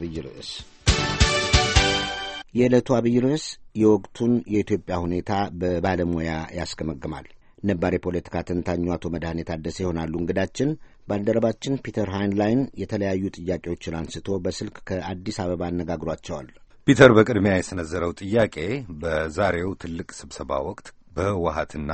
አብይ ርዕስ የዕለቱ አብይ ርዕስ የወቅቱን የኢትዮጵያ ሁኔታ በባለሙያ ያስገመግማል። ነባር የፖለቲካ ተንታኙ አቶ መድኃኔ ታደሰ ይሆናሉ እንግዳችን። ባልደረባችን ፒተር ሃይንላይን የተለያዩ ጥያቄዎችን አንስቶ በስልክ ከአዲስ አበባ አነጋግሯቸዋል። ፒተር በቅድሚያ የሰነዘረው ጥያቄ በዛሬው ትልቅ ስብሰባ ወቅት በህወሀትና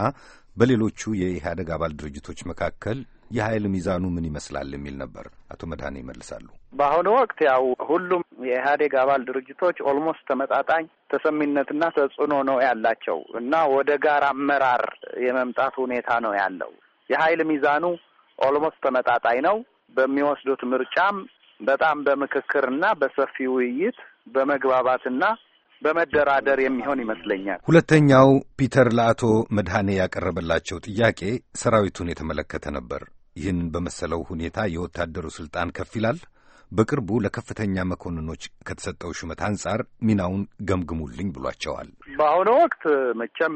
በሌሎቹ የኢህአደግ አባል ድርጅቶች መካከል የኃይል ሚዛኑ ምን ይመስላል የሚል ነበር። አቶ መድኃኔ ይመልሳሉ። በአሁኑ ወቅት ያው ሁሉም የኢህአዴግ አባል ድርጅቶች ኦልሞስት ተመጣጣኝ ተሰሚነትና ተጽዕኖ ነው ያላቸው እና ወደ ጋራ አመራር የመምጣት ሁኔታ ነው ያለው። የኃይል ሚዛኑ ኦልሞስት ተመጣጣኝ ነው። በሚወስዱት ምርጫም በጣም በምክክርና በሰፊ ውይይት በመግባባትና በመደራደር የሚሆን ይመስለኛል። ሁለተኛው ፒተር ለአቶ መድኃኔ ያቀረበላቸው ጥያቄ ሰራዊቱን የተመለከተ ነበር። ይህንን በመሰለው ሁኔታ የወታደሩ ስልጣን ከፍ ይላል። በቅርቡ ለከፍተኛ መኮንኖች ከተሰጠው ሹመት አንጻር ሚናውን ገምግሙልኝ ብሏቸዋል። በአሁኑ ወቅት መቼም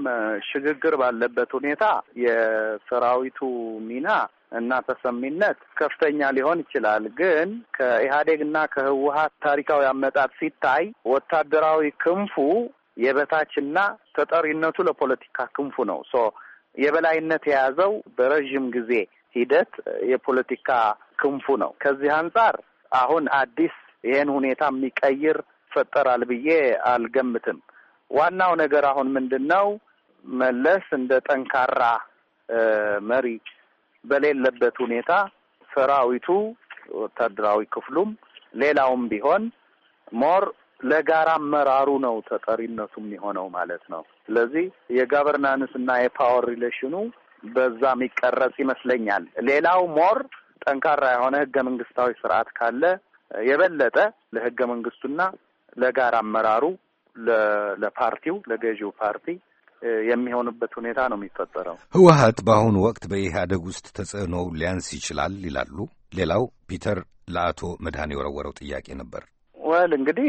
ሽግግር ባለበት ሁኔታ የሰራዊቱ ሚና እና ተሰሚነት ከፍተኛ ሊሆን ይችላል። ግን ከኢህአዴግ እና ከህወሀት ታሪካዊ አመጣጥ ሲታይ ወታደራዊ ክንፉ የበታችና ተጠሪነቱ ለፖለቲካ ክንፉ ነው። ሶ የበላይነት የያዘው በረዥም ጊዜ ሂደት የፖለቲካ ክንፉ ነው። ከዚህ አንጻር አሁን አዲስ ይህን ሁኔታ የሚቀይር ይፈጠራል ብዬ አልገምትም። ዋናው ነገር አሁን ምንድን ነው መለስ እንደ ጠንካራ መሪ በሌለበት ሁኔታ ሰራዊቱ፣ ወታደራዊ ክፍሉም ሌላውም ቢሆን ሞር ለጋራ አመራሩ ነው ተጠሪነቱ የሚሆነው ማለት ነው። ስለዚህ የጋቨርናንስ እና የፓወር ሪሌሽኑ በዛ የሚቀረጽ ይመስለኛል። ሌላው ሞር ጠንካራ የሆነ ህገ መንግስታዊ ስርዓት ካለ የበለጠ ለህገ መንግስቱና ለጋራ አመራሩ ለፓርቲው ለገዢው ፓርቲ የሚሆንበት ሁኔታ ነው የሚፈጠረው። ህወሀት በአሁኑ ወቅት በኢህአደግ ውስጥ ተጽዕኖው ሊያንስ ይችላል ይላሉ። ሌላው ፒተር ለአቶ መድኃን የወረወረው ጥያቄ ነበር። ወል እንግዲህ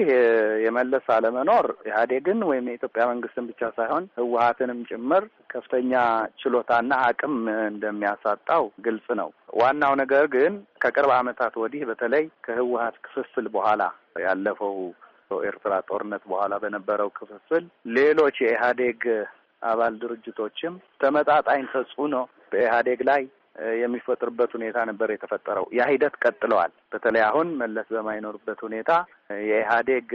የመለስ አለመኖር ኢህአዴግን ወይም የኢትዮጵያ መንግስትን ብቻ ሳይሆን ህወሀትንም ጭምር ከፍተኛ ችሎታና አቅም እንደሚያሳጣው ግልጽ ነው። ዋናው ነገር ግን ከቅርብ ዓመታት ወዲህ በተለይ ከህወሀት ክፍፍል በኋላ ያለፈው ኤርትራ ጦርነት በኋላ በነበረው ክፍፍል ሌሎች የኢህአዴግ አባል ድርጅቶችም ተመጣጣኝ ተጽዕኖ በኢህአዴግ ላይ የሚፈጥርበት ሁኔታ ነበር የተፈጠረው። ያ ሂደት ቀጥለዋል። በተለይ አሁን መለስ በማይኖርበት ሁኔታ የኢህአዴግ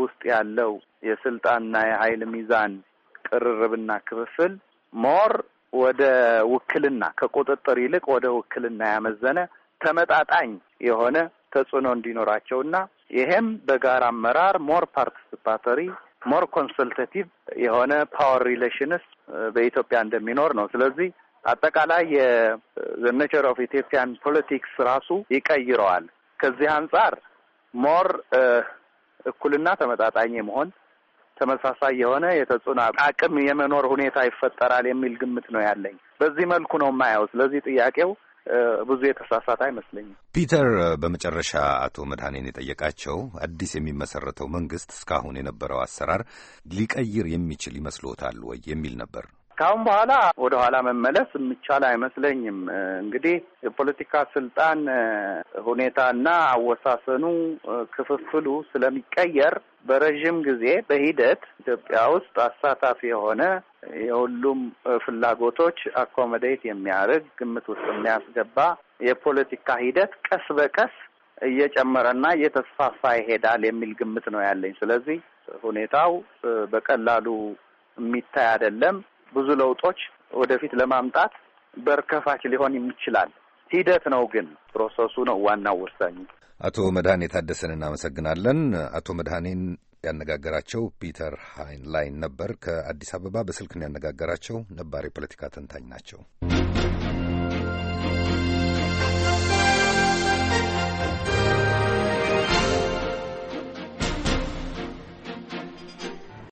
ውስጥ ያለው የስልጣንና የኃይል ሚዛን ቅርርብና ክፍፍል ሞር ወደ ውክልና ከቁጥጥር ይልቅ ወደ ውክልና ያመዘነ ተመጣጣኝ የሆነ ተጽዕኖ እንዲኖራቸውና ይሄም በጋራ አመራር ሞር ፓርቲስፓቶሪ ሞር ኮንሰልታቲቭ የሆነ ፓወር ሪሌሽንስ በኢትዮጵያ እንደሚኖር ነው። ስለዚህ አጠቃላይ የዘ ኔቸር ኦፍ ኢትዮጵያን ፖለቲክስ ራሱ ይቀይረዋል። ከዚህ አንጻር ሞር እኩልና ተመጣጣኝ መሆን ተመሳሳይ የሆነ የተጽዕኖ አቅም የመኖር ሁኔታ ይፈጠራል የሚል ግምት ነው ያለኝ። በዚህ መልኩ ነው የማየው። ስለዚህ ጥያቄው ብዙ የተሳሳተ አይመስለኝም። ፒተር፣ በመጨረሻ አቶ መድኃኔን የጠየቃቸው አዲስ የሚመሰረተው መንግስት እስካሁን የነበረው አሰራር ሊቀይር የሚችል ይመስሎታል ወይ የሚል ነበር። ከአሁን በኋላ ወደ ኋላ መመለስ የሚቻል አይመስለኝም። እንግዲህ የፖለቲካ ስልጣን ሁኔታና አወሳሰኑ ክፍፍሉ ስለሚቀየር በረዥም ጊዜ በሂደት ኢትዮጵያ ውስጥ አሳታፊ የሆነ የሁሉም ፍላጎቶች አኮመዴት የሚያደርግ ግምት ውስጥ የሚያስገባ የፖለቲካ ሂደት ቀስ በቀስ እየጨመረና እየተስፋፋ ይሄዳል የሚል ግምት ነው ያለኝ። ስለዚህ ሁኔታው በቀላሉ የሚታይ አይደለም። ብዙ ለውጦች ወደፊት ለማምጣት በርከፋች ሊሆን ይችላል። ሂደት ነው ግን ፕሮሰሱ ነው ዋናው ወሳኝ። አቶ መድኃኔ ታደሰን እናመሰግናለን። አቶ መድኃኔን ያነጋገራቸው ፒተር ሃይንላይን ነበር። ከአዲስ አበባ በስልክ ያነጋገራቸው ነባር የፖለቲካ ተንታኝ ናቸው።